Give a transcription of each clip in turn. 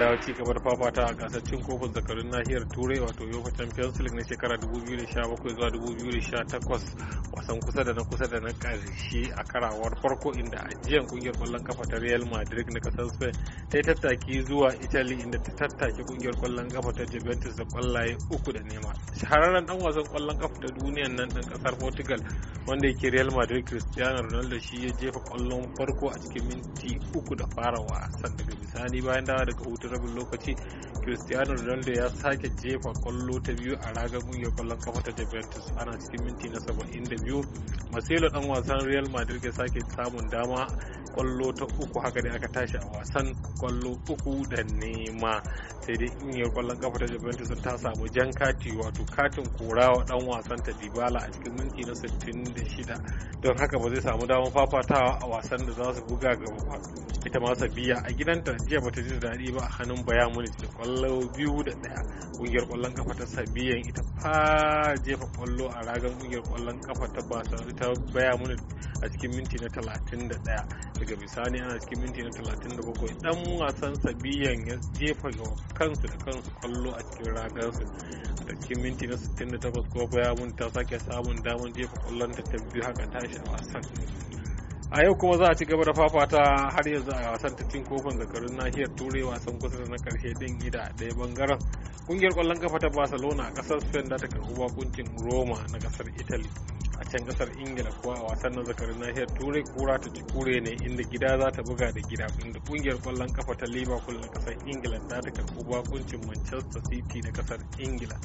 dawo ci gaba da fafata a gasar cin kofin zakarun nahiyar turai wato yofa champions league na shekara 2017 zuwa 2018 wasan kusa da na kusa da na karshe a karawar farko inda a jiyan kungiyar kwallon kafa ta Real Madrid na kasar Spain ta yi tattaki zuwa Italy inda ta tattaki kungiyar kwallon kafa ta Juventus da kwallaye uku da nema. Shahararren dan wasan kwallon kafa ta duniyan nan dan kasar Portugal wanda yake Real Madrid Cristiano Ronaldo shi ya jefa kwallon farko a cikin minti uku da fara wasan daga bisani bayan dawa daga hutu rabin lokaci cristiano ronaldo ya sake jefa kwallo ta biyu a ragar kungiyar kwallon kafa ta juventus ana cikin minti na 72 marcelo dan wasan real madrid ya sake samun dama kwallo ta uku haka dai aka tashi a wasan kwallo uku da nema sai dai ingiyar kwallon kafa ta juventus ta samu jan kati wato katin kora wa dan wasan ta dibala a cikin minti na 66 don haka ba zai samu damar fafatawa a wasan da za su buga ga ita ma sabiya a gidanta jiya ba ta ji daɗi ba a hannun bayan munich da kwallo biyu da ɗaya ƙungiyar kwallon kafa ta sabiyan ita ha jefa kwallo a ragar ƙungiyar kwallon kafa ta basa ta baya mana a cikin minti na 31 daga bisani ana cikin minti na 37 dan wasan sabiyan ya jefa kansu da kansu kwallo a cikin ragarsu a cikin minti na 68 kuma baya mun ta sake samun damar jefa kwallon ta biyu haka tashi a wasan a yau kuma za a ci gaba da fafata har yanzu a wasan cin kofin zakarun nahiyar turai wasan kusa da na karshe din gida ɗaya bangaren kungiyar kwallon kafa ta barcelona a kasar spain da ta karɓi bakuncin roma na kasar italy a can kasar ingila kuwa a wasan na zakarun nahiyar turai kura ta ci kure ne inda gida za ta buga da gida inda kungiyar kwallon kafa ta liverpool na kasar ingila za ta karɓi bakuncin manchester city na kasar ingila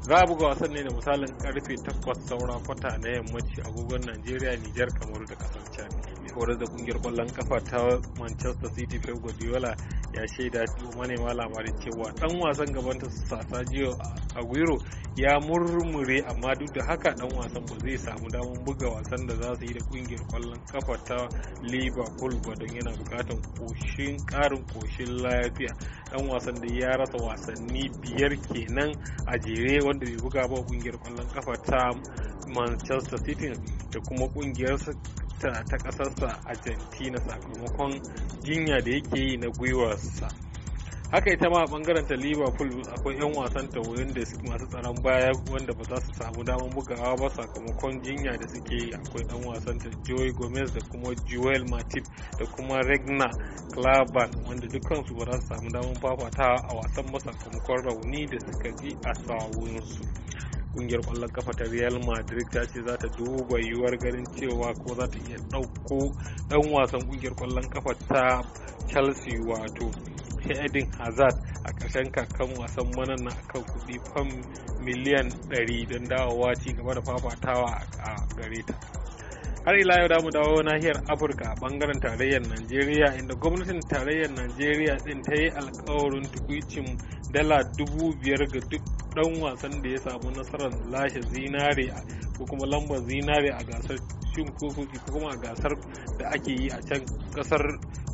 za a buga wasan ne da misalin karfe takwas saura kwata na yammaci agogon najeriya nijar kamaru da kasar chad horar da kungiyar kwallon kafa ta Manchester City Pep Guardiola ya shaida manema labarin cewa dan wasan gabanta Sergio Aguero ya murmure amma duk da haka dan wasan ba zai samu damar buga wasan da za su yi da kungiyar kwallon kafa ta Liverpool ba don yana bukatar koshin karin koshin lafiya dan wasan da ya rasa wasanni biyar kenan a jere wanda bai buga ba kungiyar kwallon kafa ta Manchester City da kuma kungiyar ta ta ƙasarsa argentina sakamakon jinya da yake yi na gwiwarsa haka ita ma a bangaren ta liverpool akwai 'yan wasan ta wurin da masu tsaron baya wanda ba za su samu damar bugawa ba sakamakon jinya da suke yi akwai dan wasan ta joey gomez da kuma joel matip da kuma regna claban wanda dukansu ba za su samu damar fafatawa a wasan ba sakamakon rauni da suka ji a sawunsu ƙungiyar kwallon kafa ta real madrid ta ce za ta duba yiwuwar ganin cewa ko za ta iya ɗauko ɗan wasan ƙungiyar kwallon kafa ta chelsea wato Eden hazard a ƙarshen kakan wasan manan na akan kuɗi fam miliyan 100 don dawowa ci gaba da fafatawa a gare ta har ila yau damu dawo nahiyar afirka a bangaren tarayyar najeriya inda gwamnatin tarayyar najeriya din ta yi alkawarin tukwicin dala dubu biyar ga duk dan wasan da ya samu nasarar lashe zinare ko kuma lambar zinare a gasar cin kofofi ko kuma a gasar da ake yi a can kasar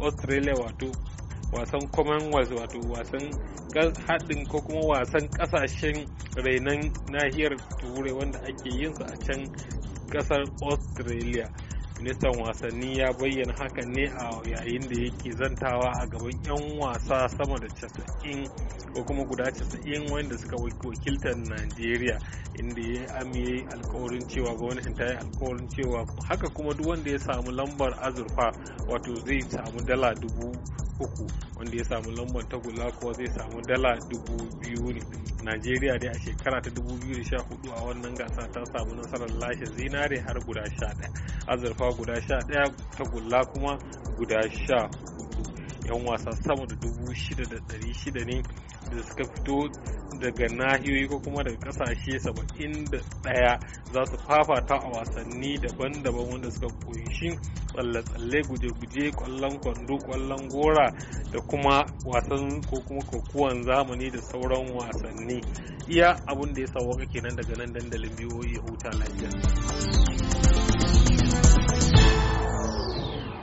australia wato wasan commonwealth wato wasan haɗin ko kuma wasan ƙasashen rainon nahiyar turai wanda ake yin su a can kasar australia ministan wasanni ya bayyana hakan ne a yayin da yake zantawa a gaban 'yan wasa sama da 90 ko kuma guda 90 wanda suka wakiltar nigeria inda ya amiye alkawarin cewa gwamnatin ta yi alkawarin cewa haka kuma duk wanda ya samu lambar azurfa wato zai samu dala dubu uku wanda ya samu lambar tagulla kuwa zai samu dala dubu biyu ne najeriya dai a shekara ta 2014 a wannan gasa ta samu nasarar lashe zinare har guda 11 azurfa guda 11 tagulla kuma guda sha. 'yan wasa sama da dubu shida da ɗari shida ne da suka fito daga nahiyoyi ko kuma daga kasashe saba'in da ɗaya za su fafata a wasanni daban-daban wanda suka kunshi tsalle-tsalle guje-guje kwallon kwando kwallon gora da kuma wasan ko kuma kokuwan zamani da sauran wasanni iya abin da ya sauwaka kenan daga nan dandalin biyoyi huta lafiya